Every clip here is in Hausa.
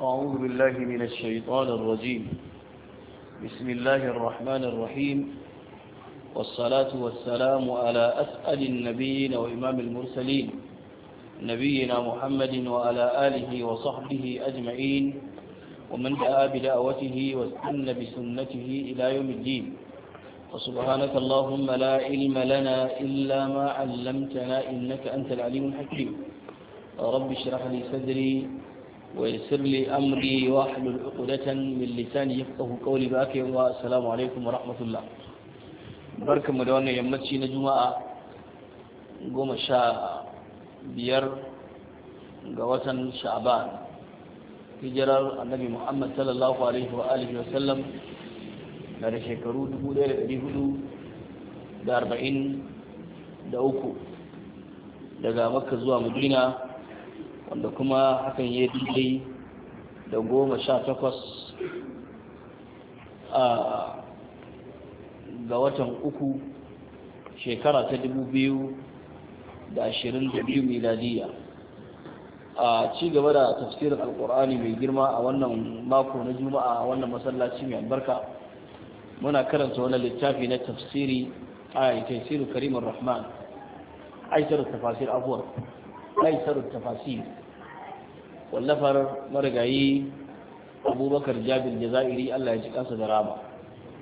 أعوذ بالله من الشيطان الرجيم بسم الله الرحمن الرحيم والصلاة والسلام على أسأل النبيين وإمام المرسلين نبينا محمد وعلى آله وصحبه أجمعين ومن دعا بدعوته واستن بسنته إلى يوم الدين وسبحانك اللهم لا علم لنا إلا ما علمتنا إنك أنت العليم الحكيم رب اشرح لي صدري ويسر لي أمري واحلل عقدة من لساني يفقه قولي باكي والسلام عليكم ورحمة الله بارك مدوانا يمتشي نجمع قوم شاء بير قوة شعبان hijirar annabi muhammad sallallahu alaihi wa alihi wa sallam na da shekaru 1443 daga makka zuwa مدينة wanda kuma hakan ya daidai da goma sha takwas a ga watan uku shekara ta dubu biyu da ashirin da biyu miladiya a ci gaba da tafsirin alkur'ani mai girma a wannan mako na juma'a a wannan masallaci mai albarka muna karanta wani littafi na tafsiri a tafsirin karimin rahman aisharar tafasir abuwar aisaru tafasir wallafar marigayi abubakar jabir jazairi allah ya ji kansa da rama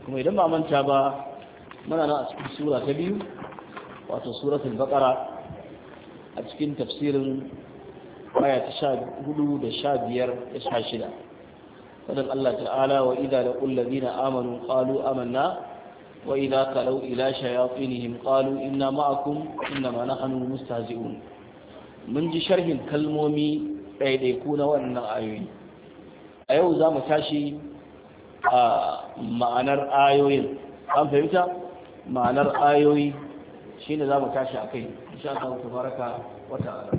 kuma idan ba manta ba muna nan a cikin sura ta biyu wato suratul baqara a cikin tafsirin aya ta sha hudu da sha biyar da sha shida fadin allah ta'ala wa idha laqul ladina amanu qalu amanna wa idha kalau ila shayatinihim qalu inna ma'akum innama nahnu mustahzi'un mun ji sharhin kalmomi ɗaiɗaiku na wannan ayoyi a yau za mu tashi a ma'anar ayoyin an fahimta ma'anar ayoyi shi ne za mu tashi a kai insha Allah ta baraka wata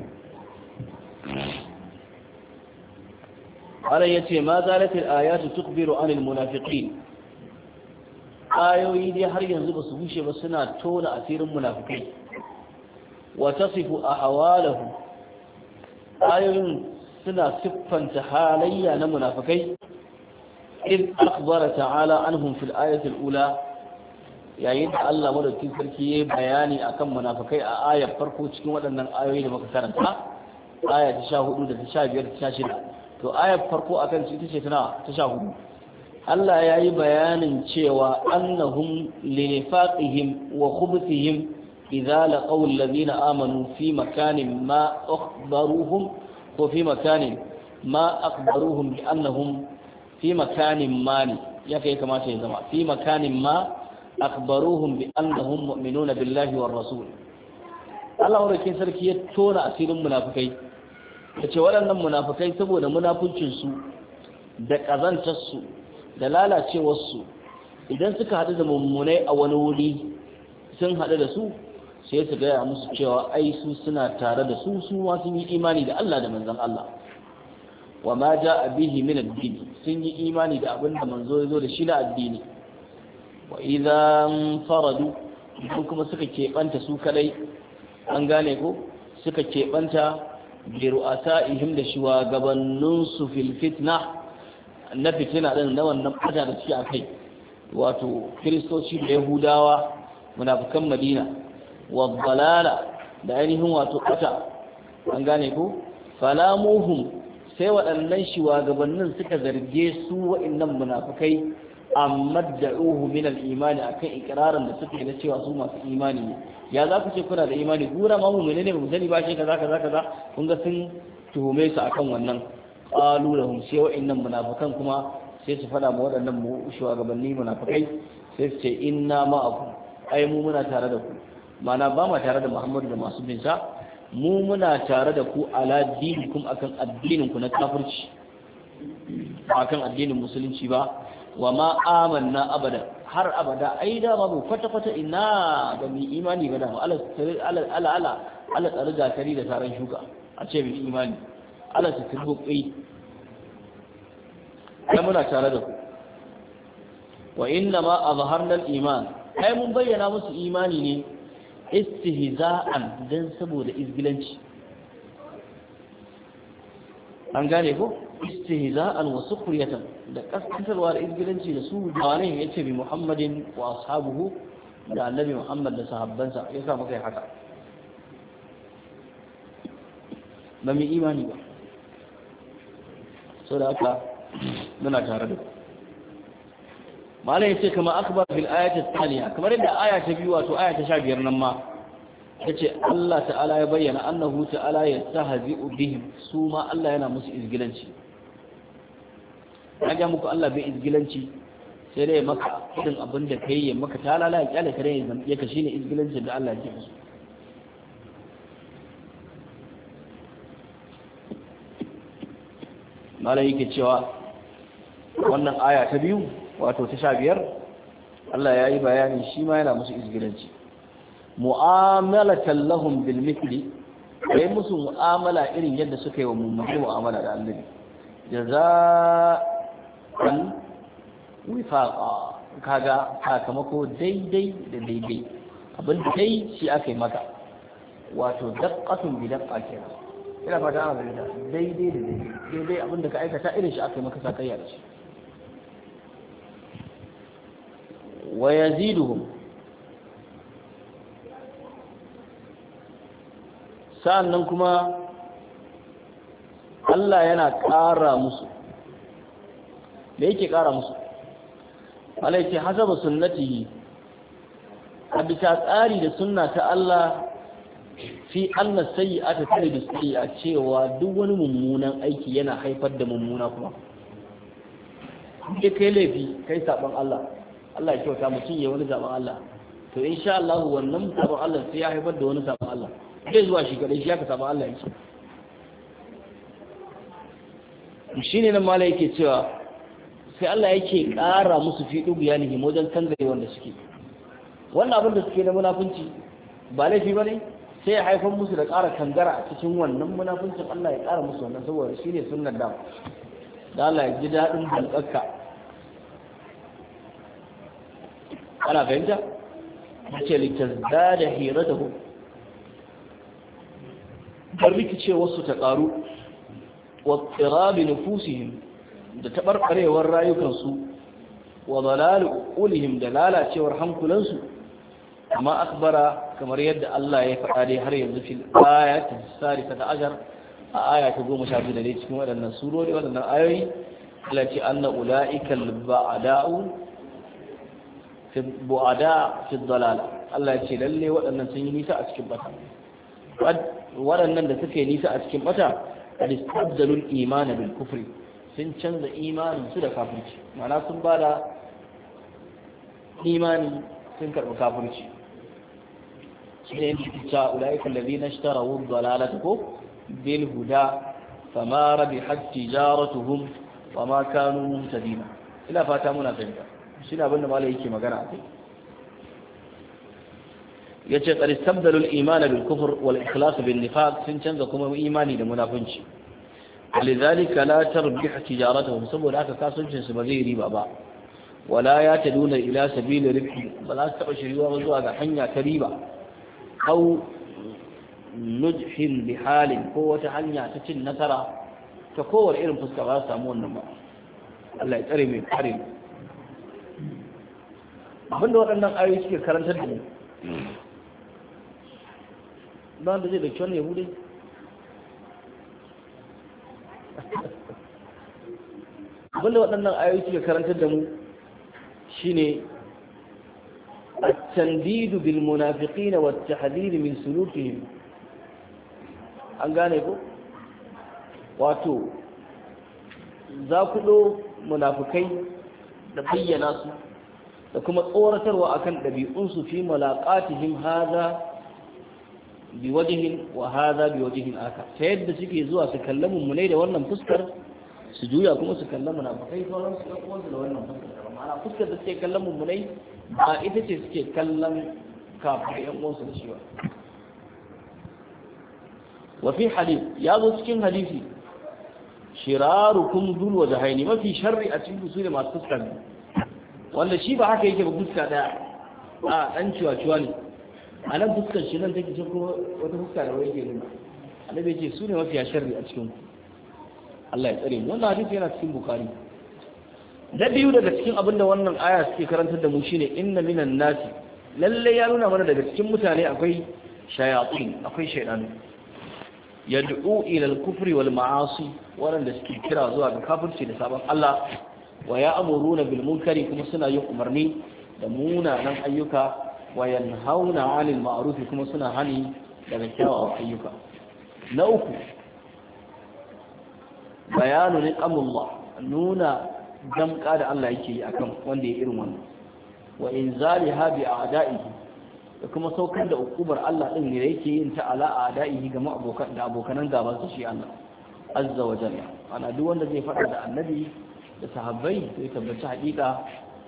ala ya ce ma zalatil ayatu tukbiru anil munafiqin ayoyi dai har yanzu ba su bushe ba suna tona asirin munafikai wa tasifu ahwalahu ayoyin suna siffanta halayya na munafikai in akhbara ta'ala anhum fil ayati al-ula yayin da Allah madaukakin sarki ya bayani akan a ayar farko cikin wadannan ayoyi da muka karanta aya ta 14 da ta 15 da ta 16 to ayar farko akan su ita tana ta 14 Allah ya yi bayanin cewa annahum li wa khubthihim Izala laqaw allazina amanu fi makanin ma akhbaruhum ko fi makanin ma akhbaruhum bi annahum fi makanin ma ne ya kai kamata ya zama fi makanin ma akhbaruhum bi annahum mu'minuna billahi war rasul sarki ya tona asirin munafikai yace waɗannan munafukai saboda munafuncin su da ƙazantarsu da lalacewarsu, idan suka haɗu da mummunai a wani wuri sun haɗu da su sai su gaya musu cewa ai su suna tare da su su ma sun yi imani da Allah da manzon Allah wa ma a bihi min addini sun yi imani da abin da manzo ya zo da shi na addini wa idan faradu ko kuma suka keɓanta su kadai an gane ko suka keɓanta bi ihim da shugabannin su fil fitna na fitina din na wannan fata da suke akai wato kiristoci da yahudawa munafikan madina wa balala da ainihin wato kata an gane ku falamuhum sai waɗannan shugabannin suka zarge su waɗannan munafukai amma da'uhu min al-imani akan ikrarin da suke na cewa su masu imani ne ya za ku ce kuna da imani gura ma mu menene mu sani ba shi kaza kaza kaza kun ga sun tuhume su akan wannan qalu lahum sai wa'annan munafikan kuma sai su fada ma waɗannan shugabanni munafikai sai su ce inna ma'akum ai mu muna tare da ku mana ba ma tare da muhammadu da masu binsa mu muna tare da ku ala dinikum akan addinin ku na kafirci ba kan addinin musulunci ba wa ma amanna abada har abada ai da ba mu kwata kwata ina ba mu imani ba da mu ala ala ala ala tsari zakari da taron shuka a ce mu imani ala su turbo kai ai muna tare da ku wa inna ma azharna al-iman kai mun bayyana musu imani ne istihza'an dan saboda izgilanci an gane ko istihza'an wa sukhriyatan da kaskantarwa da izgilanci da su da ne yace bi Muhammadin wa ashabuhu da annabi Muhammad da sahabbansa yasa muka yi haka ba mu imani ba saboda haka muna tare da ku malai yace kama akbar fil ayati thaniya kamar inda aya ta biyu wato aya ta 15 nan ma yace Allah ta'ala ya bayyana annahu ta'ala yastahzi'u bihim su ma Allah yana musu izgilanci ga muku Allah bai izgilanci sai dai maka irin abin da kai ya maka Ta lalaya kyale kare ya ka shine izgilancin da Allah ya musu malai yake cewa wannan aya ta biyu wato ta sha biyar Allah ya yi bayani shi ma yana musu izgiranci mu'amalatan lahum bil mithli kai musu mu'amala irin yadda suka yi wa mummuni mu'amala da annabi jaza'an wifaqa kaga sakamako daidai da daidai abin dai shi aka yi maka wato daqqatun bi daqqa kenan ina fata ana da daidai da daidai daidai abin da ka aikata irin shi aka yi maka sakayya da shi ويزيدهم sannan kuma Allah yana ƙara musu da yake ƙara musu yake hasaba sunnati a bisa tsari da sunna ta Allah fi anna sayyi'ata taridu a cewa duk wani mummunan aiki yana haifar da mummuna kuma ke kai laifi kai saban Allah Allah ya kyauta mutum ya wani zaɓen Allah to sha Allah wannan zaɓen Allah sai ya haifar da wani zaɓen Allah zai zuwa shi kadai shi ya ka zaɓen Allah yake shi ne nan ma yake cewa sai Allah yake ƙara musu fi ɗugu ya nihi wajen tangare wanda suke wannan abin da suke na munafunci ba laifi ba ne sai ya haifar musu da ƙara kangara a cikin wannan munafuncin Allah ya ƙara musu wannan saboda shi ne sunan da da Allah ya ji daɗin halƙarka ana fahimta hira littazzada hiratuhum har rikice wasu ta karu wa tsirabi nufusihim da taɓarɓarewar rayukansu wa ulihim da lalacewar hankulansu amma akbara kamar yadda Allah ya faɗa dai har yanzu fil ayati da ajar a aya ta goma sha biyu da dai cikin waɗannan surori waɗannan ayoyi Allah ce anna a ba'da'u bu'ada fi dalala Allah ya ce lallai waɗannan sun yi nisa a cikin bata waɗannan da suka yi nisa a cikin bata alistabdalul imana bil kufri sun canza imanin su da kafirci ma'ana sun ba da imani sun karɓi kafirci shi ne yin cuta ula'ikan da na shi tara wun dalalata ko bil huda fama rabi hajji jaratuhum fama kanu mutadina ina fata muna fahimta shi ne abinda malai ke magana akai ya ce tsari sabdalul imani bil kufur wal ikhlas bin nifaq sun canza kuma imani da munafunci لذلك لا تربح تجارتهم saboda haka kasuwancin su ba zai riba ba wala ya taduna ila sabil ribhi ba za su taba shiriwa ba zuwa ga hanya ta riba aw nujhin bi halin ko wata hanya ta cin nasara ta kowar irin fuska ba su samu wannan ba Allah ya tsare mai kare abinda waɗannan ayoyi suke karantar da ne ba da zai da kyau ne yahudai abinda waɗannan ayoyi suke karantar da mu shine التنديد بالمنافقين والتحذير من سلوكهم an gane ku wato za ku ɗo munafukai da bayyana su da kuma tsoratarwa akan ɗabi'unsu fi malaƙatihim haza bi wa haza bi wajihin aka ta yadda suke zuwa su kalla mummunai da wannan fuskar su juya kuma su kalla munafukai sauran su ɗan uwansu da wannan fuskar ana fuskar da suke kallon mummunai ba ita ce suke kallon kafin ƴan uwansu da shi ba wa fi hadith ya zo cikin hadisi shirarukum dul wajhaini mafi sharri a cikin su da masu fuskar wanda shi ba haka yake ba fuska daya a dan ciwa-ciwa ne a nan fuskar shi nan take cikin wata fuska da wani ke nuna annabi yake su ne mafiya sharri a cikin Allah ya tsare mu wannan hadisi yana cikin bukari da biyu daga cikin abin da wannan aya suke karantar da mu shine inna minan nasi lalle ya nuna mana daga cikin mutane akwai shayatin akwai shaydan yad'u ila al-kufri wal ma'asi waɗanda suke kira zuwa ga kafirci da sabon Allah wa ya'muruna bil munkari kuma suna yin umarni da munanan ayyuka wa yanhauna 'anil ma'ruf kuma suna hani daga kyawawan ayyuka na uku bayanu ne amullah nuna damka da Allah yake yi akan wanda ya irin wannan wa inzaliha bi a'da'ihi da kuma saukar da hukumar Allah din ne yake yin ta ala a'da'ihi ga abokan da abokanan gaban su shi Allah azza wa jalla ana duk wanda zai faɗa da annabi da sahabbai to ya tabbaci haƙiƙa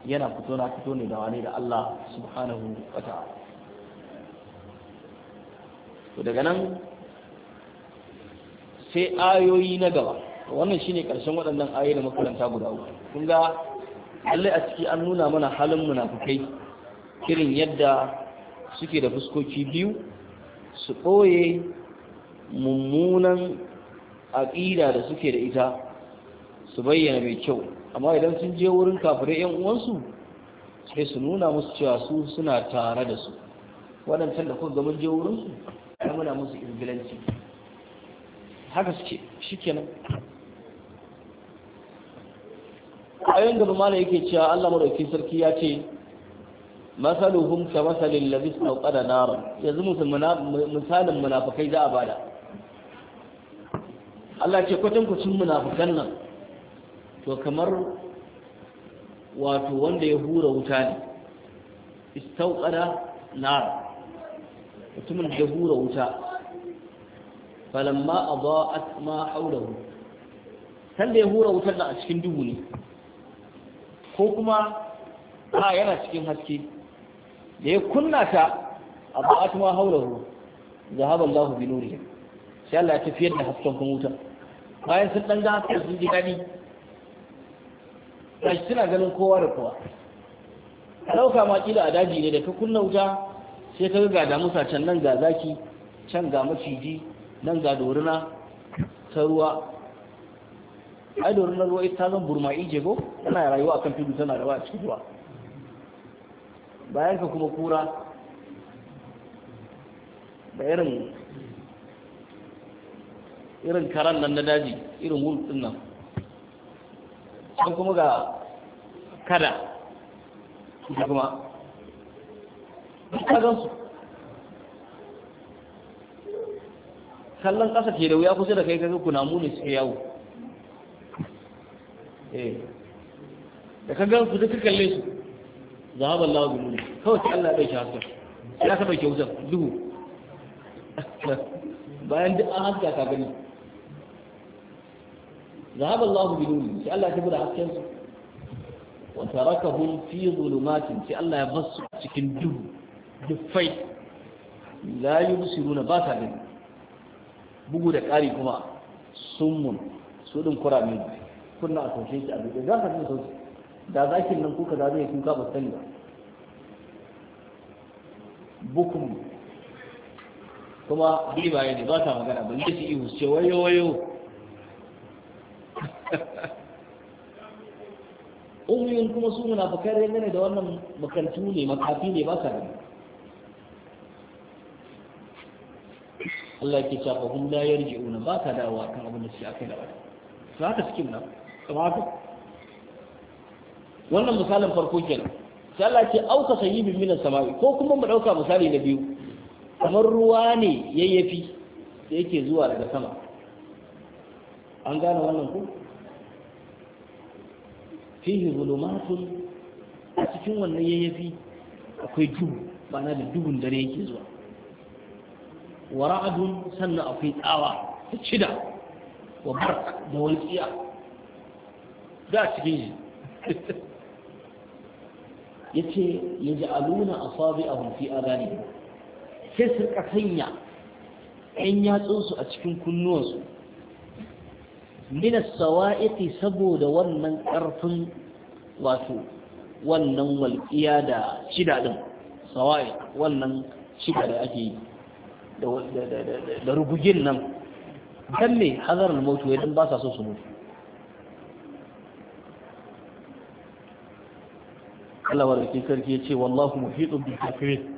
yana fito na fito ne da wani da Allah subhanahu wa ta'ala to daga nan sai ayoyi na gaba wannan shine karshen waɗannan ayoyi da makaranta guda uku kun ga lallai a ciki an nuna mana halin munafukai kirin yadda suke da fuskoki biyu su ɓoye mummunan aƙida da suke da ita su bayyana mai kyau amma idan sun je wurin kafirai yan uwansu sai su nuna musu cewa su suna tare da su waɗancan da kuka gaban je wurin su ya muna musu ingilanci haka suke shikenan ayon gaba mala yake cewa Allah madauki sarki ya ce masaluhum ka masalin ladhi istawqada nar yanzu misalin munafukai za a bada Allah ce kwatankwacin munafukan nan to kamar wato wanda ya hura wuta ne istauqada nar mutumin da ya hura wuta falamma adaa'at ma hawlahu san da ya hura wutar da a cikin duhu ne ko kuma ha yana cikin haske da ya kunna ta adaa'at ma hawlahu zahaba Allahu bi nurihi sai Allah ya tafiyar da hasken wuta bayan sun dan ga sun ji daɗi. gashi suna ganin kowa da kowa a ɗauka ma kila a daji ne da ka kunna wuta sai ka ga musa can nan ga zaki can ga maciji nan ga dorina ta ruwa ai dorina ruwa ita zan burma ije go tana rayuwa akan tudu tana rawa a cikin ruwa bayan ka kuma kura da irin irin karan nan na daji irin wulf din nan don kuma ga kada da kuma duk kagansu kallon ƙasa ke da wuya kusa da kai kaga kunamu ne suke yawo eh. da ka su duka kalle su zahaba Allah bi muni kawai sai Allah ya dauki haskar ya ka dauke wutar duhu bayan duk an haska ka gani ذهب الله بنورهم في الله تبدا حسكن وتركهم في ظلمات في الله يبص cikin duhu dufai la yubsiruna ba ta gani bugu da ƙari kuma summun su din kurame kunna a toshe shi a duk da haka ne sosai da zakin nan kuka da zai kuka ba sani ba bukum kuma bi ba ne ba ta magana balle su ihu ce wayo wayo umiyun kuma su munafikai ne da wannan makarantu ne makafi ne ba sa gani Allah ke cewa hum ji yarji'una ba ka dawa kan abin da aka yi da wani su haka suke nan kuma haka wannan misalin farko kenan sai Allah ce auka sayi min samari, ko kuma mu dauka misali na biyu kamar ruwa ne yayyafi da yake zuwa daga sama an gane wannan ku fihi zulumatun a cikin wannan yayyafi akwai duhu na da duhun dare yake zuwa wa ra'adun sannan akwai tsawa ta cida wa bark da walƙiya da cikin shi ya ce ya ji aluna a sabi a hunfi a gane sai su sanya 'yan yatsunsu a cikin kunnuwansu minas sawa'iqi saboda wannan ƙarfin wato wannan walƙiya da shida din, sawa'i wannan shida da ake yi da rugugin nan dan me hazar al-mautu idan ba sa so su mutu Allah warkin sarki ya ce wallahu muhitu bil kafirin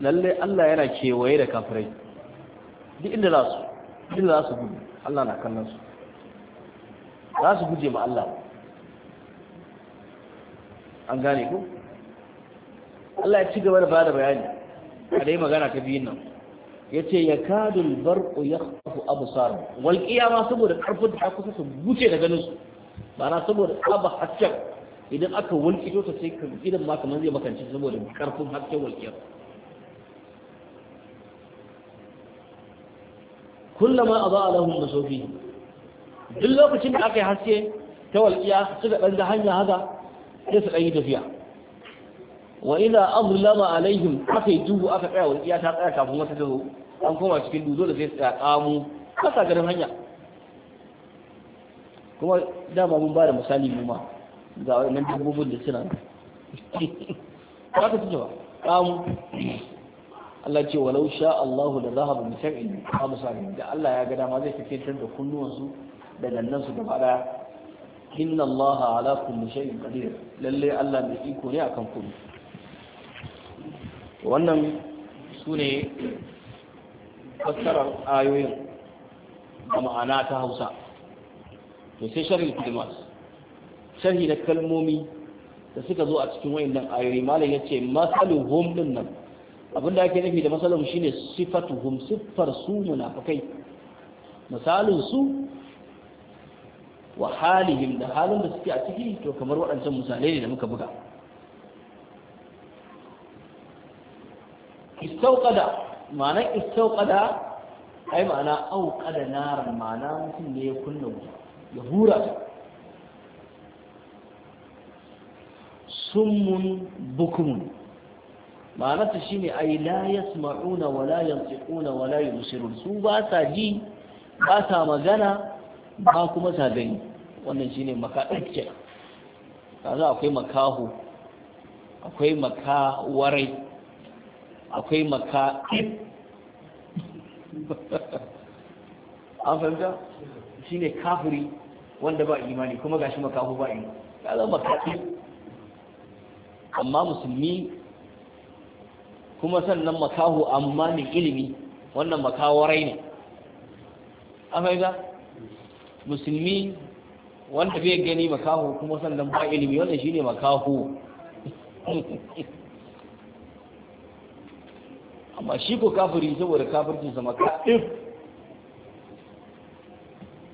lalle Allah yana kewaye da kafirai duk inda za su inda za su gudu Allah na kallon su za su guje ma Allah an gane ku Allah ya ci gaba da da bayani a dai magana ta biyun nan yace ya albarqu yakhfu absar wal qiyama saboda karfin da kusa su buce da ganin su ma'ana saboda kaba haccen idan aka wulkito ta sai idan ma kamar zai makanci saboda karfin haccen walkiyar kullama adaa lahum masawfi duk lokacin da aka yi haske ta walƙiya suka ɗan da hanya haka sai su yi tafiya wa ina azlama alaihim aka yi duhu aka tsaya walƙiya ta tsaya kafin wata ta zo an koma cikin duhu dole sai tsaya kamu kasa garin hanya kuma dama mun ba da misali mu ma ga wannan dabbobin da suna ba ka ci ba kamu Allah ce walau sha Allah da za zahaba bi sam'in wa basarin da Allah ya ga ma zai fitar da kunnuwansu da gannansu gaba daya inna Allah ala kulli shay'in qadir lalle Allah mai iko ne akan komai wannan sune fassarar ayoyin da ma'ana ta Hausa to sai sharhi kalmas sharhi na kalmomi da suka zo a cikin wayannan ayoyi malam yace masaluhum din nan Abin da ake nufi da shi ne sifatuhum siffar su munafikai misalin su wa halihim da halin da suke a ciki to kamar waɗancan misalai ne da muka buga istauqada ma'ana istauqada ai ma'ana auqada naran ma'ana mutum ne ya kunna wuta ya hura summun bukumun ma'anarta shine ai la yasma'una wa la yantiquna wa la yubsirun su ba sa ji ba sa magana ba kuma sa gani wannan shine makadakke kaza akwai makahu akwai maka warai, akwai maka an fahimta ne kafiri wanda ba imani kuma gashi makahu ba imani kaza makaɗi amma musulmi kuma sannan makaho amma min ilimi wannan makawarai ne a faiza musulmi wanda bai gani makaho kuma sannan ba ilimi wannan shine makaho amma shi ko kafiri saboda kafircinsa makaɗin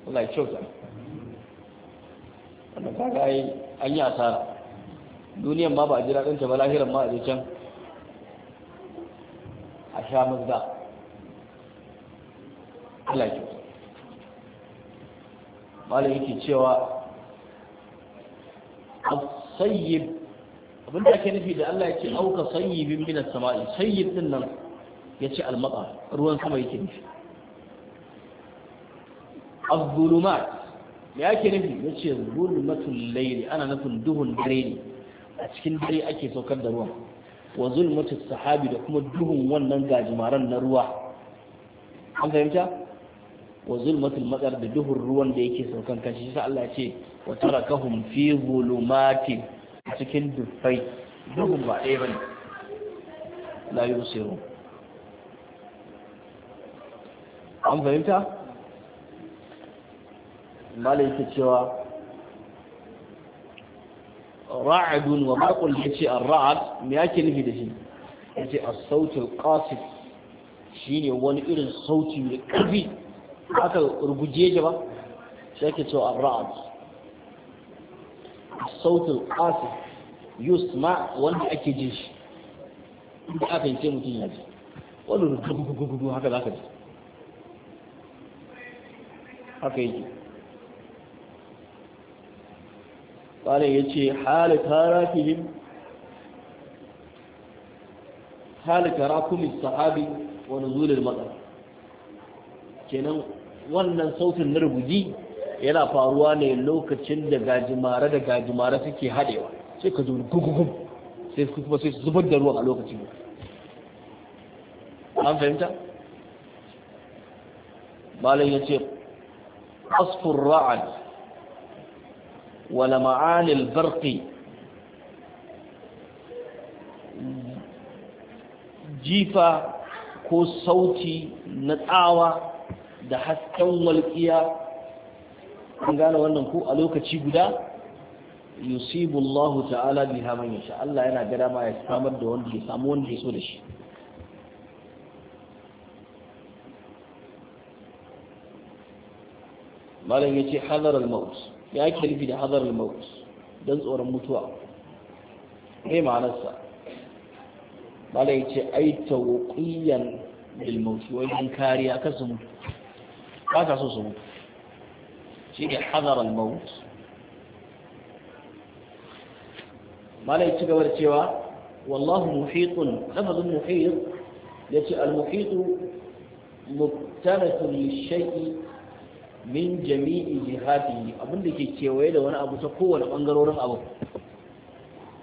Allah ya kyauta wanda kaga ai an yi asara duniyan ma ba a ji ta ba lahiran ma a je can a sha mazda Allah malam yake cewa sayyib abin da ake nufi da Allah ya ce auka sayyibin min as-sama'i sayyib din nan yace al-maqa ruwan sama yake nufi az-zulumat me yake nufi yace zulmatul layli ana nufin duhun dare ne a cikin dare ake saukar da ruwan wa zulmatu sahabi da kuma duhun wannan gajimaran na ruwa an fahimta wa zulmatul matsar da duhun ruwan da yake saukan kan shi sa Allah ce wa tarakahum fi zulumati a cikin dufai duhun ba ɗaya bane la yusiru an fahimta malai ta cewa ra'adun wa makul ya ce ar-ra'ad me yake nufi da shi ya ce as-sautul qasif shine wani irin sauti mai karfi aka ruguje shi ba sai ake cewa ar-ra'ad as-sautul qasif yusma wanda ake jin shi inda aka yi ce mutum ya ji wani rugugugugu haka za ka ji haka yake ƙwarin ya ce halitta rakumin sahabi wani zulil matsar kenan wannan sautin na rubuji yana faruwa ne lokacin da gajimare da gajimare suke haɗewa sai ka zuwa gugugun sai kuma sai zubar da ruwan a lokacin an fahimta? malin ya ce asfur ra'ad wala ma'anil barqi jifa ko sauti na tsawa da hasken walƙiya an gane wannan ko a lokaci guda yusibu Allah ta'ala biha man yasha Allah yana gada dama ya samar da wanda ya samu wanda ya so da shi malam yace hadar al-maut ya ake nufi da hadar maut don tsoron mutuwa mai ma'anarsa bala ya ce ai tawqiyan lil maut wai dan kariya kar su mutu ba ka so su mutu shi ne hadar al maut bala ya ci gaba cewa wallahu muhitun lafazin muhit yace al muhitu muktanatu lil shay'i min jami'i jihati abinda ke kewaye da wani abu ta kowane bangarorin abu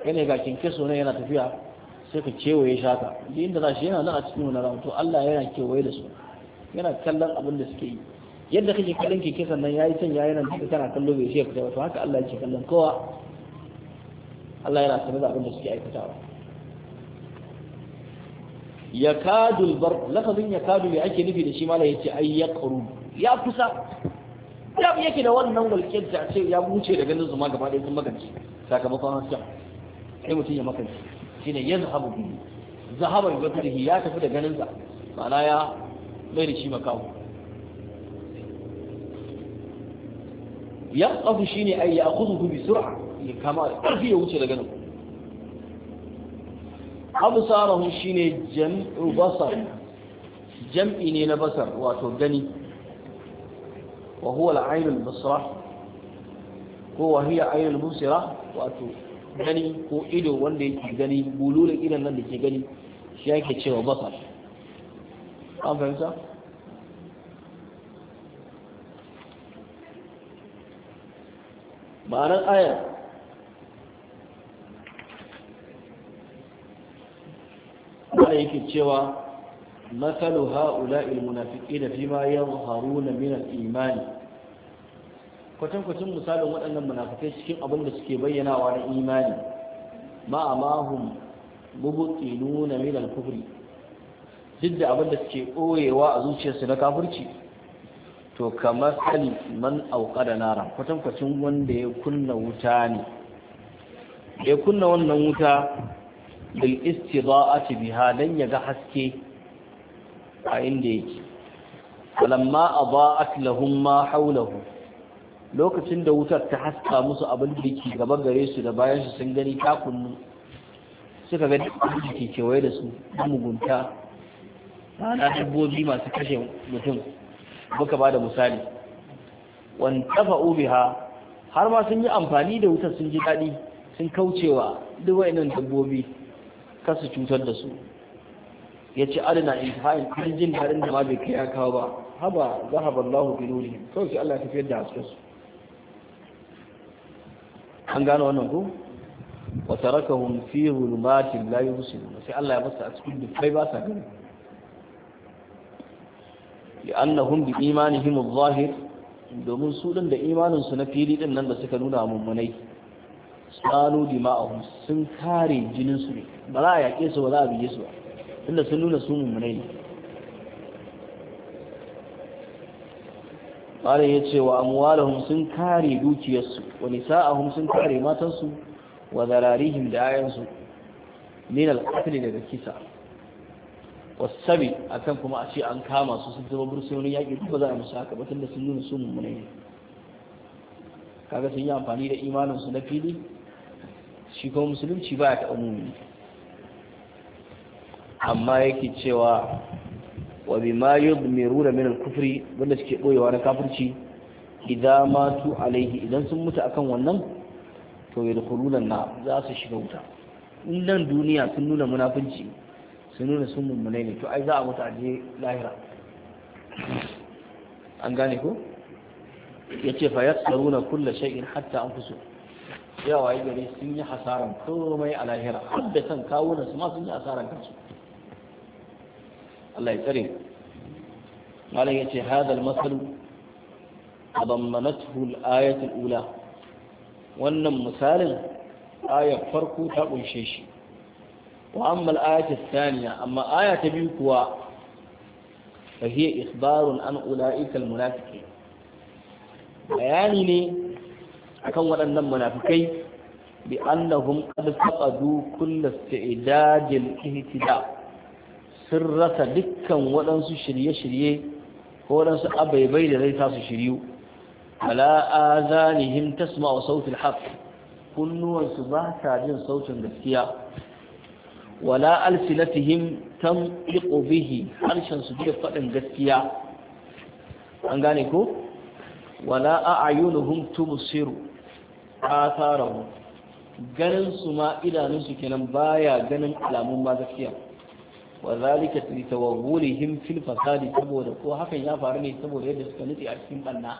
yana ga kinkiso ne yana tafiya sai ka kewaye shaka inda za shi yana nan a cikin wani to Allah yana kewaye da su yana kallon abin da suke yi yadda kake kallon kinkisan nan yayi can yayi nan duka kana kallo bai shi ba, to haka Allah yake kallon kowa Allah yana sanar da abin da suke aikatawa yakadul bar lafazin yakadu ya ake nufi da shi malai yace ay ya kusa ya fi yake da wannan walƙiyar da ce ya wuce da ganin zuma gaba ɗaya sun magance sakamakon hasken sai mutum ya shi ne ya zahabu biyu zahaba bi basirihi ya tafi da ganin sa ma'ana ya mai da shi makawo ya shi ne ai ya akhudhu bi sur'a ya kama da ƙarfi ya wuce da ganin shi ne jam'u basar jam'i ne na basar wato gani وهو العين البصرة هو هي عين البصرة وأتو gani ko ido wanda yake gani bululin idon nan da ke gani shi yake cewa basar an fahimta ma'anar ayar wanda yake cewa مثل هؤلاء المنافقين فيما يظهرون من الإيمان kwatan kwatan misalin waɗannan munafikai cikin abin da suke bayyanawa na imani ma amahum mubtinuna min al-kufri duk abin da suke koyewa a zuciyarsu na kafirci to kamar sani man auqada nara kwatan kwatan wanda ya kunna wuta ne ya kunna wannan wuta bil istida'ati biha dan yaga haske a inda yake falamma aba'at lahum ma hawlahu lokacin da wutar ta haska musu abin da yake gaba gare su da bayan su sun gani ta suka ga dukkan da ke kewaye da su da mugunta na dabbobi masu kashe mutum muka ba da misali wan tafa'u biha har ma sun yi amfani da wutar sun ji daɗi sun kaucewa duk wa'annan dabbobi kasu cutar da su ya ce adana intahayin kan jin daɗin da ma bai kai ya kawo ba haba za ha ballahu bi nuri kawai sai Allah ya tafiyar da hasken su an gano wannan ko wa tarakahum fi zulumatin la yubsirun sai Allah ya basu a cikin dukkai ba sa gani li'annahum bi imanihim adh-dhahir domin su din da imanin su na fili din nan da suka nuna mummunai sanu dima'ahum sun kare jinin su ne ba za a yaƙe su ba za a bige su ba tunda sun nuna su mummunai ne ƙwarar ya ce wa amwalahum sun kare dukiyarsu wa nisa'ahum sun kare matansu wa zararihim da ayansu na alƙafili daga kisa wasabi akan kuma a ce an kama su sun zama bursunonin yaƙi ba za a musu haka ba tunda sun nuna su mummunai ne kaga sun yi amfani da imaninsu na fili shi kuma musulunci ba ya taɓa amma yake cewa wa bima yudmiruna min al-kufri wanda suke boyewa na kafirci idan matu alaihi idan sun mutu akan wannan to yadkhuluna na za su shiga wuta in nan duniya sun nuna munafunci sun nuna sun mummunai ne to ai za a mutu je lahira an gane ko yace fa yasaruna kull shay'in hatta anfusu yawa gari sun yi hasaran komai a lahira kudda da kan kawunan su ma sun yi hasaran kansu Allah ya tsare malam yace hadal masal adammanathu al ula wannan misalin ayar farko ta ƙunshe shi wa amma al-ayat amma aya ta biyu kuwa fa hiya ikhbarun an ulaika al-munafiqin bayani ne akan waɗannan munafikai bi annahum qad faqadu kull isti'dad ihtida sun rasa dukkan waɗansu shirye-shirye ko waɗansu abaibai da zai tasu shiryu ala tasma wa sautin haq kunnuwansu ba ta jin sautin gaskiya wala alsinatihim tamliqu bihi harshen su bai faɗin gaskiya an gane ko wala a'yunuhum tubsiru atharahum ganin su ma idanunsu kenan baya ganin alamun ma gaskiya wa zalika li tawawwulihim fil fasadi saboda ko hakan ya faru ne saboda yadda suka nutse a cikin banna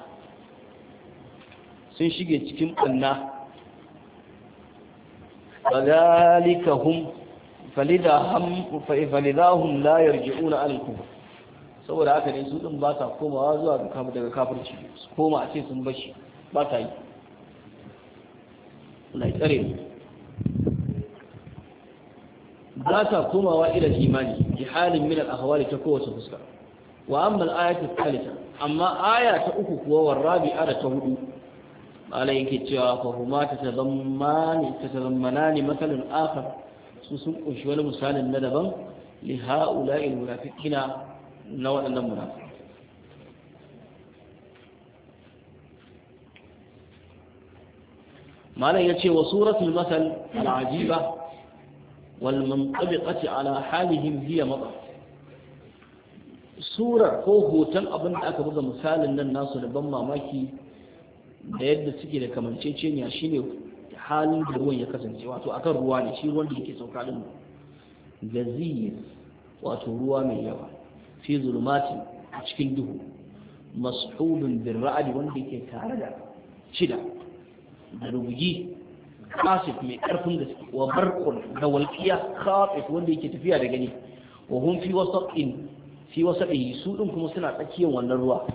sun shige cikin banna فذلك هم فلذا هم فلذا هم لا يرجعون على الكفر saboda haka ne su din ba ta komawa zuwa ga kafir daga kafirci su koma a ce sun bashi ba ta yi Allah ya tsare mu ba ta komawa ilal imani bi halin min al ahwali ta kowace fuska wa amma al ayatu thalitha amma aya ta uku kuwa war rabi'a da ta hudu malai yake cewa fa huma tatazammani tatazammanani masalan akhar su sun kunshi wani misalin na daban li ha'ula'i munafiqina na wadannan munafiqai malam ya ce wa suratul masal al'ajiba والمنطبقة ala halihim biya maɓa. surar ko hoton abin da aka buga misalin nan nasu da ban mamaki da yadda suke da kamanceceniya shine halin da ruwan ya kasance wato akan ruwa ne shi wanda yake sauka din gaziyi wato ruwa mai yawa fi zulumatin a cikin duhu mas'udun bin ra'adi wanda yake tare da shida da rubugi kasif mai karfin gaske wa barkun da walƙiya khafif wanda yake tafiya da gani wa hum fi wasaqin fi wasaqihi su din kuma suna tsakiyar wannan ruwa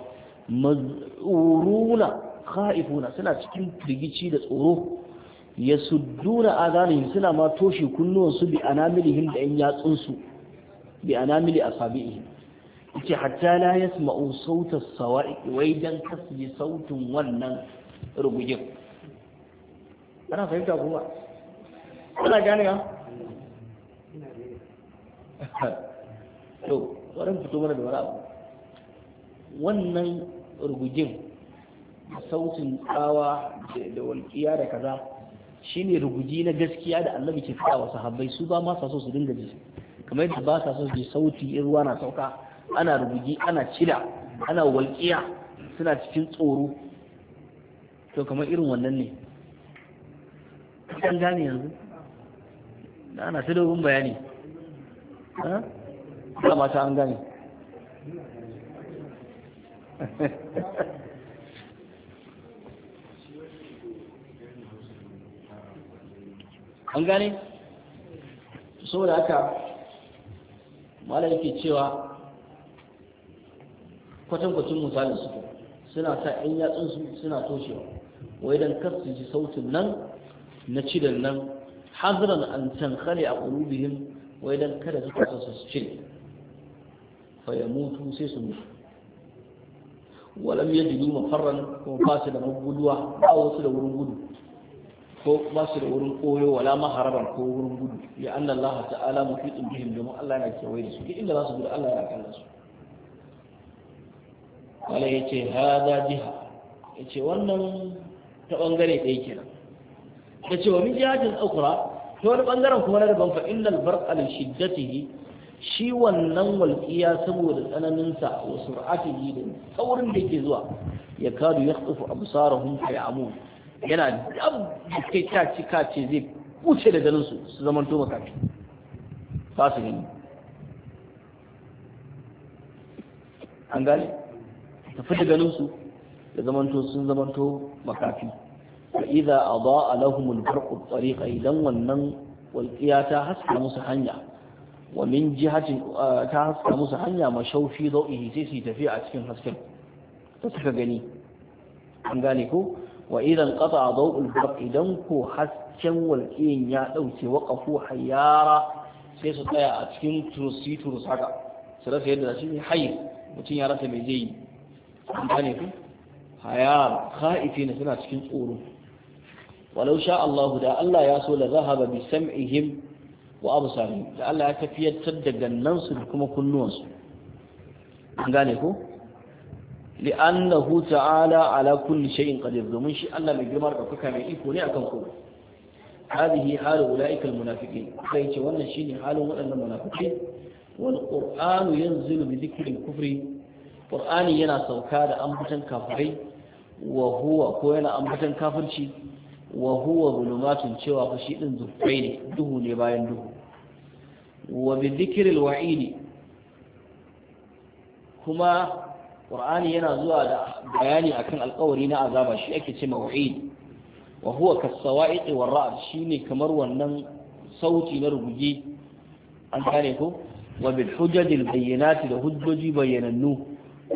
mazuruna khaifuna suna cikin firgici da tsoro Ya sudduna adanihim suna ma toshe kunnuwan su bi anamilihim da yan yatsun su bi anamili asabi'ihim yace hatta la yasma'u sautas sawa'iq wai dan kasbi sautin wannan rugujin ana fahimta kuma ana gane ya to tsoron fito mana da wani abu wannan rugugin sautin tsawa da walƙiya da kaza shine ruguji na gaskiya da annabi ke faɗa wa sahabbai su ba ma sa so su dinga ji kamar yadda ba sa so su ji sauti in ruwa na sauka ana ruguji ana cida ana walƙiya suna cikin tsoro to kamar irin wannan ne an gane yanzu da ana su dogon bayani ba mata an gane an gane saboda haka malam yake cewa kwatankwacin misalin suke suna sa 'yan yatsunsu suna toshewa wai don kar ji sautin nan na cidan nan haziran an tankare a ƙulubihim wai don kada su kasa su cire faya mutu sai su mutu walam ya jidu mafarran kuma ba su da maguduwa ba wasu da wurin gudu ko ba su da wurin koyo wala maharaban ko wurin gudu ya anna Allah ta'ala muhitin bihim domin Allah yana kewaye da su duk inda za su gudu Allah yana kalla su wala yace hada jiha Ya ce wannan ta bangare ɗaya kenan da ce wa min jihatin ukra ta wani ɓangaren kuma na daban fa innal barqa li shiddatihi shi wannan walƙiya saboda tsananin sa wa sur'atihi da saurin da ke zuwa ya kadu ya Abu Sarahun fayamun yana dab da kai ta cika ce zai wuce da ganinsu su su zaman to makafi ba su gani an gane tafi da ganinsu su da zamanto sun zamanto makafi fa idza adaa lahum al-barqu tariqa idan wannan walqiya ta haska musu hanya wa min jihatin ta haska musu hanya mashaufi dawihi sai su tafi a cikin hasken ta suka gani an gane ko wa idan qata dawul barq idan ko hasken walqiyin ya dauke waqafu hayyara sai a cikin shi mutum ya rasa mai zai yi an gane ku hayar kha'ifina suna cikin tsoro walau sha Allah da Allah ya so la zahaba bi sam'ihim wa absarihim da Allah ya tafiyatar da gannansu da kuma kunnuwansu an gane ko li'annahu ta'ala ala kulli shay'in qadir domin shi Allah mai girma da kuka mai iko ne akan komai hadihi halu ulaika almunafiqin sai ce wannan shine halin waɗannan munafiqai wal qur'anu yanzilu bi dhikri al-kufri qur'ani yana sauka da ambaton kafirai wa huwa ko yana ambaton kafirci wa huwa zulumatun cewa fa shi din zufai ne duhu ne bayan duhu wa bi dhikril wa'idi kuma qur'ani yana zuwa da bayani akan alƙawari na azaba shi ake cewa wa'id wa huwa kasawa'iqi war ra'd shine kamar wannan sauti na rubuji an gane ko wa bil hujajil bayyinati da hujjoji bayyanannu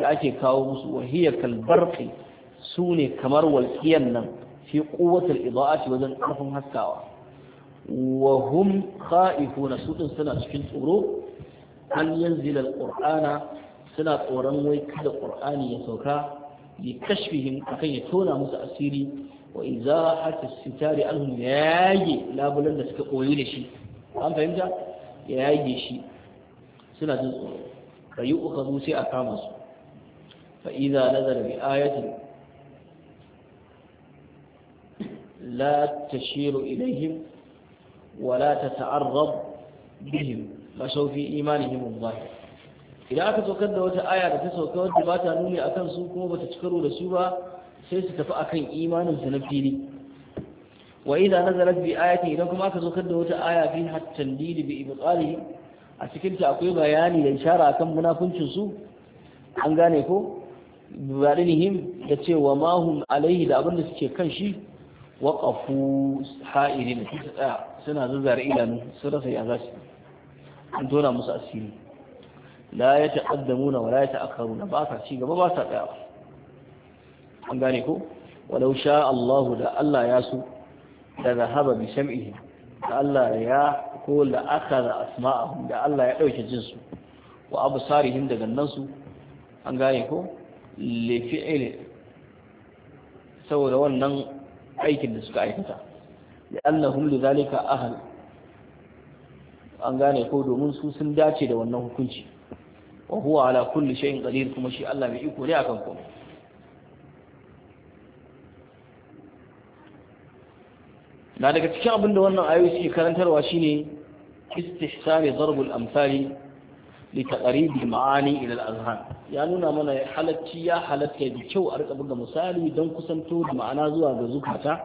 da ake kawo musu wa hiya kal barqi sune kamar walqiyan nan fi quwwatil idaati wajen kafin haskawa wa hum khaifuna su din suna cikin tsoro Hanyar yanzila ƙur'ana suna tsoron wai kada ƙur'ani ya sauka bi kashfihim akan ya tona musu asiri wa izahati sitari ya yage labulan da suka koyo da shi an fahimta ya yage shi suna jin tsoro fa yi uka sai a kama su Fa'iza iza nazara bi ayatin لا تشير إليهم ولا تتعرض بهم فشو في إيمانهم الظاهر إذا aka saukar da wata aya da ta sauka wadda ba ta nuni a kansu kuma ba ta ci karo da su ba sai su tafi akan imaninsu na fili wa idza nazalat bi ayati idan kuma aka saukar da wata aya fi hattan dili bi ibqalihi a cikin akwai bayani da ishara akan munafincin su an gane ko bi da cewa mahum alaihi da abin da suke kan shi waƙafu ha'irin suna zazzara ilanin sun rasa ya za su an tona musu asiri la ya ta'addamu na wala ya ta'akaru na ba ta ci gaba ba sa tsaya an gane ko walau sha Allah da Allah ya so da zahaba bi sham'ihi da Allah ya ko la da asma'ahum da Allah ya dauke jinsu wa absarihim nan su an gane ko li fi'li saboda wannan aikin da suka aikata da annahum li zalika ahal an gane ko domin su sun dace da wannan hukunci wa huwa ala kulli shay'in qadir kuma shi Allah mai iko ne akan komai na daga cikin abin da wannan ayoyi suke karantarwa shine istihsani darbul amsali لتقريب المعاني إلى الأذهان ya nuna mana halacci ya halatta da kyau a rika buga misali don kusanto da ma'ana zuwa ga zukata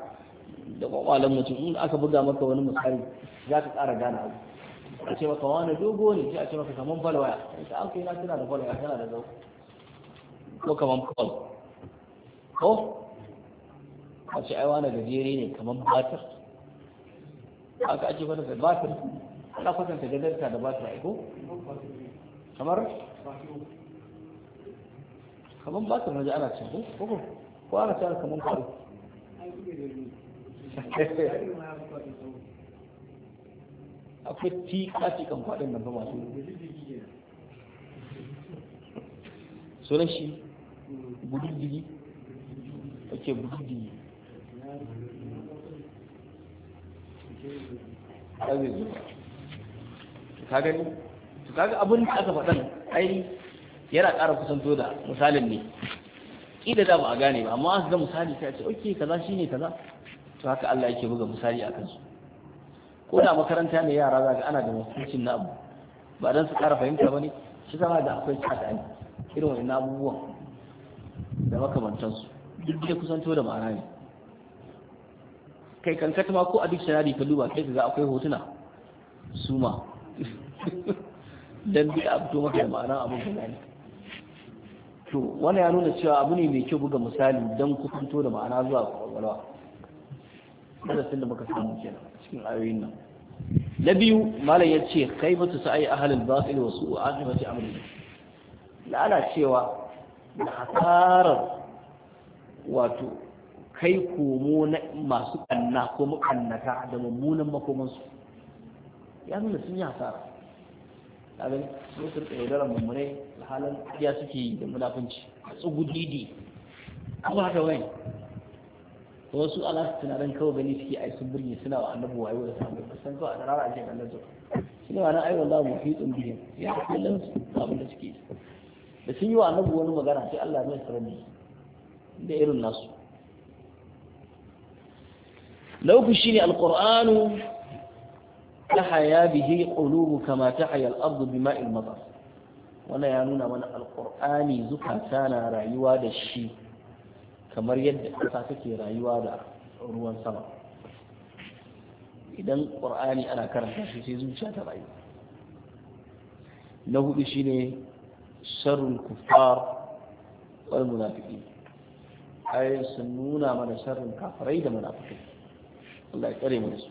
da kwakwalen mutum in aka buga maka wani misali za ka ƙara gane abu a ce maka wani dogo ne sai a ce maka kaman falwaya in ka an kai na tana da falwaya tana da zau ko kaman fal ko a ce ai wani gajere ne kaman batir aka ake fata da batir ana kwatanta gadarta da batir ko. kamar kamar ba ta raja ana cin ko ko ana cin kamar kwaro akwai tika kan kwaɗin nan ba masu sunan shi gudugudu ake gududdigi ka gani to kaga abin da aka faɗan ai yana ƙara kusanto da misalin ne kila da ba a gane ba amma aka ga misali sai a ce ok kaza shine kaza to haka Allah yake buga misali a kansu ko da makaranta ne yara za ga ana da mutuncin na abu ba dan su ƙara fahimta ba ne shi zama da akwai tsada irin wani abubuwan da makamantansu duk da kusanto da ma'ana ne kai kankata ma ko a duk shanari ka duba kai ka ga akwai hotuna su ma dan bi a fito ma'ana abin kaza to wani ya nuna cewa abu ne mai kyau buga misali don ku fito da ma'ana zuwa kwakwalwa Kada da muka samu kenan cikin ayoyin nan na biyu malam ya ce kai ba su sa'ai ahalin batil wasu a ahimati amri lalacewa da hasarar wato kai komo na masu kanna ko kannata da mummunan makomansu ya nuna sun yi hasara Abin? su su tsaye da mummunai halin ya suke yi da munafunci a tsugudidi abu haka wani to wasu ala su tunanin kawai gani suke ai sun birni suna wa annabu wayo da samun kusan kawai a tsarara a jikin annabi shi ne wani ayyukan za mu fi tsumbihin ya fi su abin da suke da sun yi wa annabu wani magana sai allah mai sarari da irin nasu lauku ne alqur'anu tahaya bihi qulubu kamata a al-ardu bima'il matar wannan ya nuna mana alƙur'ani zukata na rayuwa da shi kamar yadda ƙasa take rayuwa da ruwan sama idan qur'ani ana karanta shi sai zuciya ta rayu na hudu shine sharrul kuffar wal munafiqin ayoyin sun nuna mana sharrin kafirai da munafikai Allah ya tsare mu da su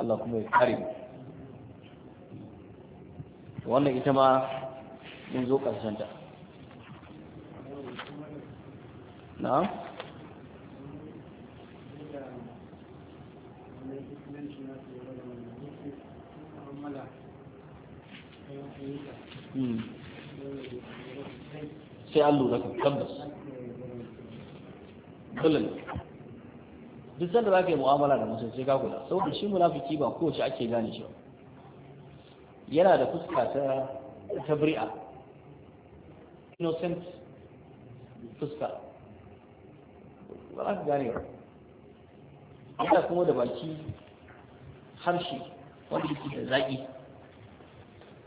Allah kuma ya kare mu wannan ita ma mun zo ƙarshen ta na'am hmm. sai an lura tabbas dole duk sanda za ka yi mu'amala da mutum sai ka kula saboda shi munafiki ba kowace ake gane shi yana da fuska ta tabri'a innocent fuska ba za ka gane ba yana kuma da baki harshe wanda yake da zaƙi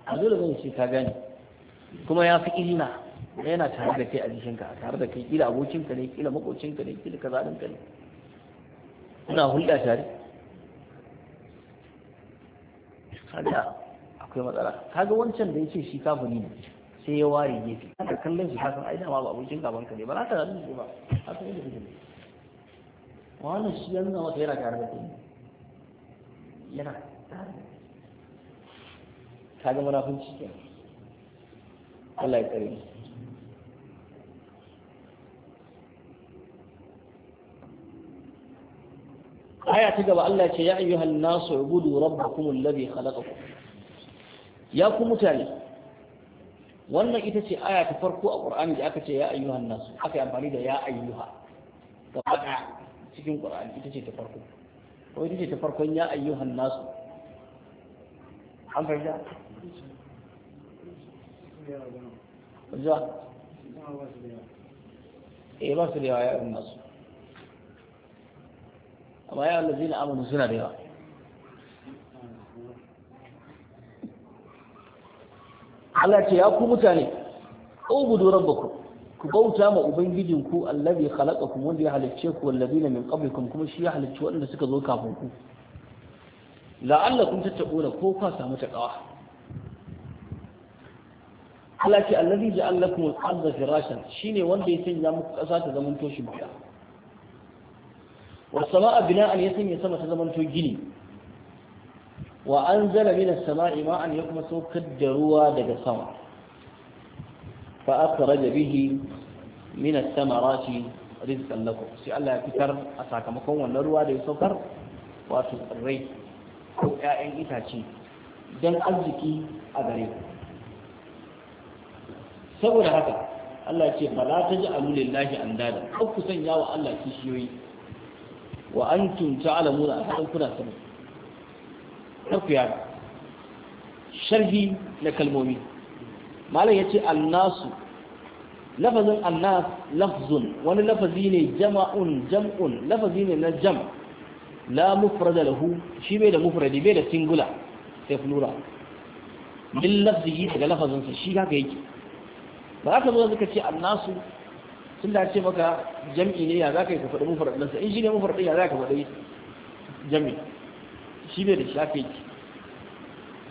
a dole zan ce ka gane kuma ya fi ilina yana tare da kai a jikinka tare da kai kila abokinka ne kila makocinka ne kila kazaɗinka ne suna hulɗa tare kada akwai matsala kaga wancan da ya ce shi kafin ne sai ya ware gefe kana kallon shi kasan ai dama ba abokin gaban ka ne ba za ka zaɓi ba haka yadda kake ne wannan shi ya nuna wata yana tare da kuma yana tare da kai kaga munafunci kenan Allah ya tsare mu aya ta gaba Allah ce ya ayyuhan nasu ubudu rabbakum allazi khalaqakum ya ku mutane wannan ita ce aya ta farko a Qur'ani da aka ce ya ayyuhan nasu aka yi amfani da ya ayyuha gaba ɗaya cikin Qur'ani ita ce ta farko ko ita ce ta farkon ya ayyuhan nasu an fahimta Eh ba su da yawa ya nasu. amma ya wallazi na amanu suna da yawa Allah ce ya ku mutane ubudu rabbakum ku bauta ma ubangijinku allazi khalaqakum wanda ya halicce ku wallazina min qablikum kuma shi ya halicci wanda suka zo kafin ku la'allakum tattaquna ko ka samu takawa Allah ce allazi ja'alakum al-ardha firashan shine wanda ya sanya muku kasa ta zaman to shimfiɗa والسماء بناء يسمي سما تزمن تو جني وأنزل من السماء ماء يقوم سوكد روا دق سما فأخرج به من الثمرات rizqan lakum sai Allah ya fitar a sakamakon wannan ruwa da ya saukar wato tsirrai ko ƴaƴan itace dan arziki a gare ku saboda haka Allah ce fala taj'alu lillahi andada kar ku sanya wa Allah kishiyoyi wa antum ta'lamuna alhalin kuna sani kar ku yara sharhi na kalmomi malam ya ce, annasu lafazin annas lafzun wani lafazi ne jama'un jam'un lafazi ne na jam la mufrada lahu shi bai da mufradi bai da singular sai plural min lafzihi daga lafazin sa shi haka yake ba za ka zo zaka ce annasu tun da ce maka jam'i ne ya za ka yi ka faɗi mufarɗinsa in shi ne mufarɗin ya za ka faɗi jam'i shi ne da shafi yake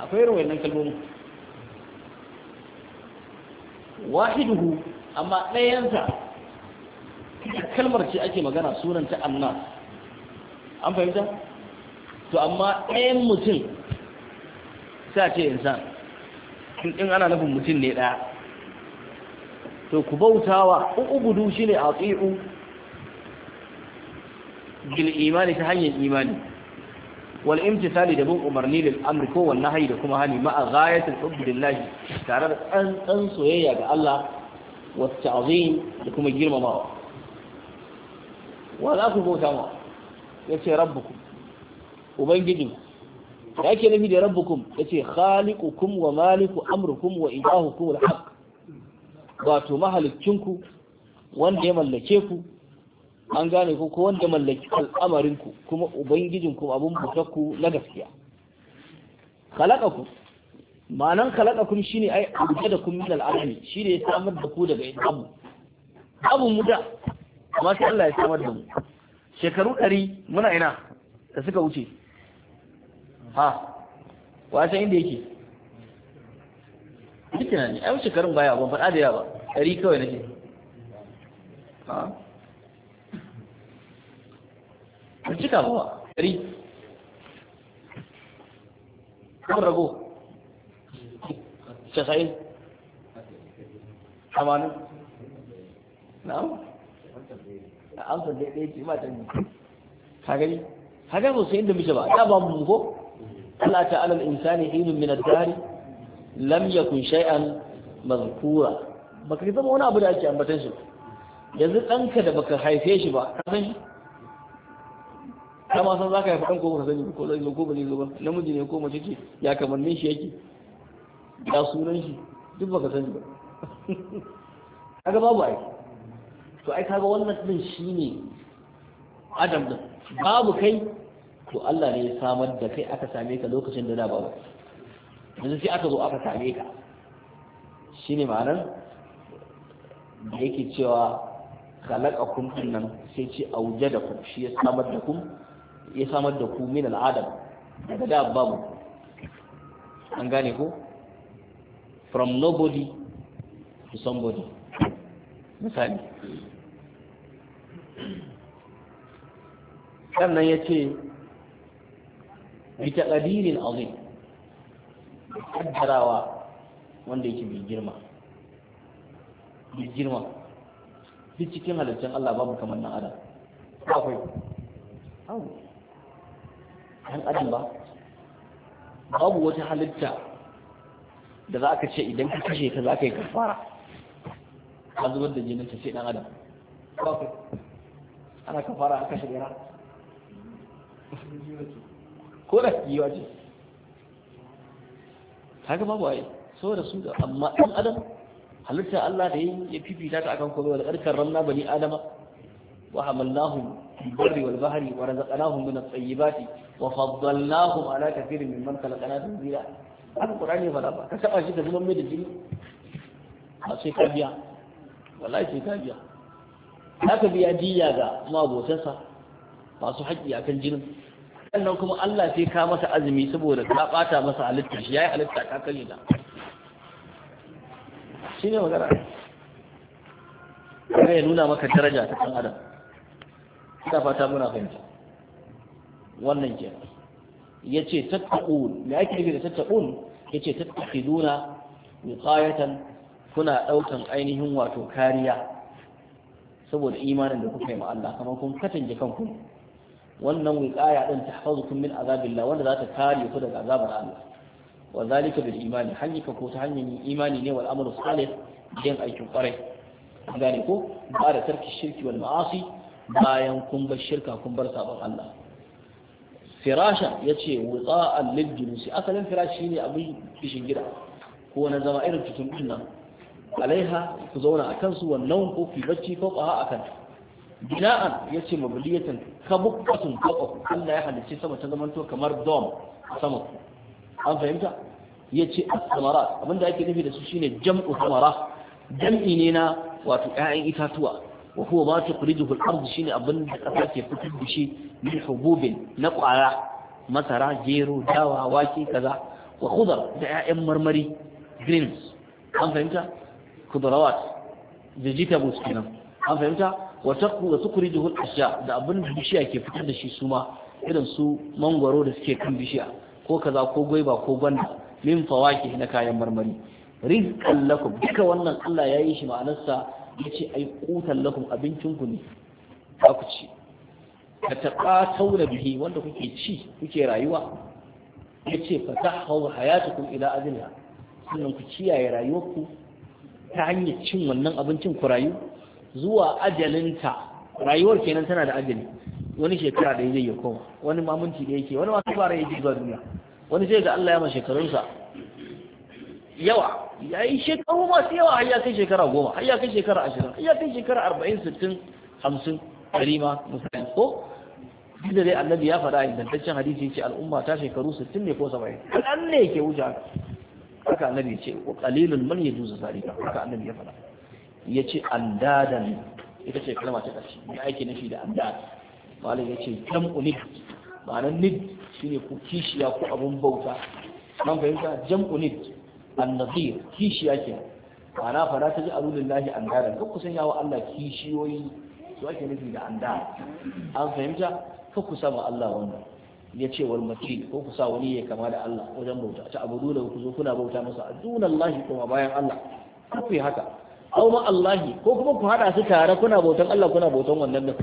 akwai irin wayannan kalmomi wahiduhu amma ɗayansa kalmar ce ake magana sunan ta annas an fahimta to amma ɗayan mutum sa ce insan in ana nufin mutum ne ɗaya to ku bautawa ubudu shine ati'u bil imani ta hanyar imani wal imtisali da bin umarni lil amri ko wal nahyi da kuma hani ma'a ghayatul hubbi lillah tare da an san soyayya ga Allah wa ta'zim da kuma girmamawa wa za ku bauta ma yace rabbukum ubangijinku Yake ake nufi da rabbukum yace khaliqukum wa maliku amrukum wa ilahukum al-haq wato mahalicinku wanda ya mallake ku an gane ku ko wanda ya mallaki al'amarinku kuma ubangijinku abun ku na gaskiya khalaqakum ma'anan shi shine ai da abjadakum min shi shine ya samar da ku daga abu abu muda amma sai Allah ya samar da mu shekaru ɗari muna ina da suka wuce ha wasan inda yake duka na ne ai wuce faɗa da yawa ba ɗari kawai a cika ba ɗari rago casa'in na'am a amsar da ɗaya ce mata gani ba su yadda ba ta ba mu ko Allah ta'ala al-insani hinun min ad-dari lam yakun shay'an mazkura baka zama wani abu da ake ambatan shi yanzu ɗanka da baka haife shi ba ka san shi kama san zaka haifa ɗan ko ba sani ko zai ko bane zo ba namiji ne ko mace ce ya kamannin shi yake ya sunan shi duk baka sani ba kaga babu ai to ai kaga wannan din shine adam din babu kai to Allah ne ya samar da kai aka same ka lokacin da da babu yanzu sai aka zo aka same ka shine ma'anar da yake cewa kalaka kun nan sai ce a shi ya samar da ku ya samar da ku min al'adam daga da babu an gane ko from nobody to somebody misali sannan ya ce bi taqdirin azim kaddarawa wanda yake bai girma bai girma duk cikin halittar Allah babu kamar nan adam akwai abu ɗan adam ba babu wata halitta da za ka ce idan ka kashe ta za ka yi kafara a zubar da jinin ta ce ɗan adam akwai ana kafara a kashe ɗera ko da yiwa ce kaga babu ai da su amma dan adam halitta Allah da ya fifita ta akan komai wal karkar ranna bani adama wa hamalnahum barri wal bahri wa razaqnahum min at-tayyibati wa faddalnahum ala kathirin mimman khalaqna tanzila haka qur'ani fara ba ka saba shi ka zuban mai da jini a sai ka biya wallahi sai ka biya haka biya diya ga mabotansa masu haƙƙi akan jinin sannan kuma Allah sai ka masa azumi saboda ka bata masa halitta shi yayi halitta ka da shi ne magana kai nuna maka daraja ta kan adam ina fata muna fahimta wannan ke yace tattaqun me ake nufi da tattaqun yace tattakhiduna wiqayatan kuna daukan ainihin wato kariya saboda imanin da kuka yi ma Allah kamar kun katange kanku wannan ɗin din tahfazukum min azabillah wanda za ta kare ku daga azabar Allah wa zalika bil imani hanyika ko ta hanyar imani ne wal amalu salih din aikin kwarai gane ko ba da tarki shirki wal ma'asi bayan kun bar shirka kun bar sabon Allah firasha yace wutsa'an lil junusi asalin firashi ne abin kishin gida ko na zama irin tutun din nan alaiha ku zauna akan su wannan ko ki bacci ko a akan bina'an ya ce mabuliyatan kabukkatun kaɓaku Allah ya halicci sama ta zamanto kamar dom a sama an fahimta ya ce samara abinda ake nufi da su shine jam'u samara jam'i ne na wato 'ya'yan itatuwa wa huwa ma tukhrijuhu al-ard shine abin da kasa ke fitar da shi min hububin na ƙwara masara gero dawa wake kaza wa khudar da 'ya'yan marmari greens an fahimta khudrawat vegetables kenan an fahimta wa tukrijuhu al ashya da abin da bishiya ke fitar da shi suma irin su mangwaro da suke kan bishiya ko kaza ko goiba, ko gwanda min fawaki na kayan marmari rizqan lakum duka wannan Allah ya yi shi ma'anarsa yace ai qutan lakum abincin ku ne za ku ci ka taqatau bihi wanda kuke ci kuke rayuwa yace fatahu hayatukum ila adliha sannan ku kiyaye rayuwarku ta hanyar cin wannan abincin ku rayu zuwa ajalinta rayuwar kenan tana da ajali wani shekara da zai ya koma wani mamunci da yake wani masu fara yake zuwa duniya wani sai ga Allah ya ma shekarunsa yawa ya yi shekaru masu yawa har ya kai shekara goma har ya kai shekara ashirin har ya kai shekara arba'in sittin hamsin ɗari ma misali ko duk da dai annabi ya faɗa ingantaccen hadisi ce al'umma ta shekaru sittin ne ko saba'in kaɗan ne ke wuce haka annabi ce wa qalilun man yajuzu zalika haka annabi ya faɗa ya ce andadan ita ce kalma ta ƙarshe da ake nufi da andad malam ya ce jam'u nid ma'anar nid shine ku kishiya ko abun bauta man fahimta jam'u nid annazir kishiya ke ma'ana fara ta ji alulillahi andadan duk kusan yawa Allah kishiyoyi su ake nufi da andad an fahimta ka kusa ma Allah wannan ya ce wal matin ko ku sa wani ya kama da Allah wajen bauta ta abudu da ku zo kuna bauta masa adunallahi kuma bayan Allah ku haka aw ma Allahi ko kuma ku hada su tare kuna bautan Allah kuna bautan wannan din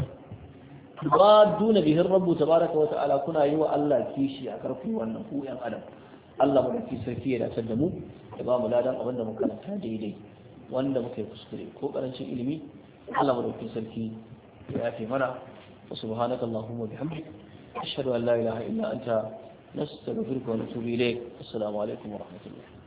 ba duna bihin rabbu tabaraka wa ta'ala kuna yi wa Allah kishi a karfi wannan ku yan adam Allah madauki sarki ya dace da mu ya ba mu ladan abin da muka karanta daidai wanda muka kuskure ko karancin ilimi Allah madauki sarki ya yafe mana wa subhanaka allahumma bihamdik ashhadu an la ilaha illa anta nastaghfiruka wa natubu ilayk assalamu alaikum wa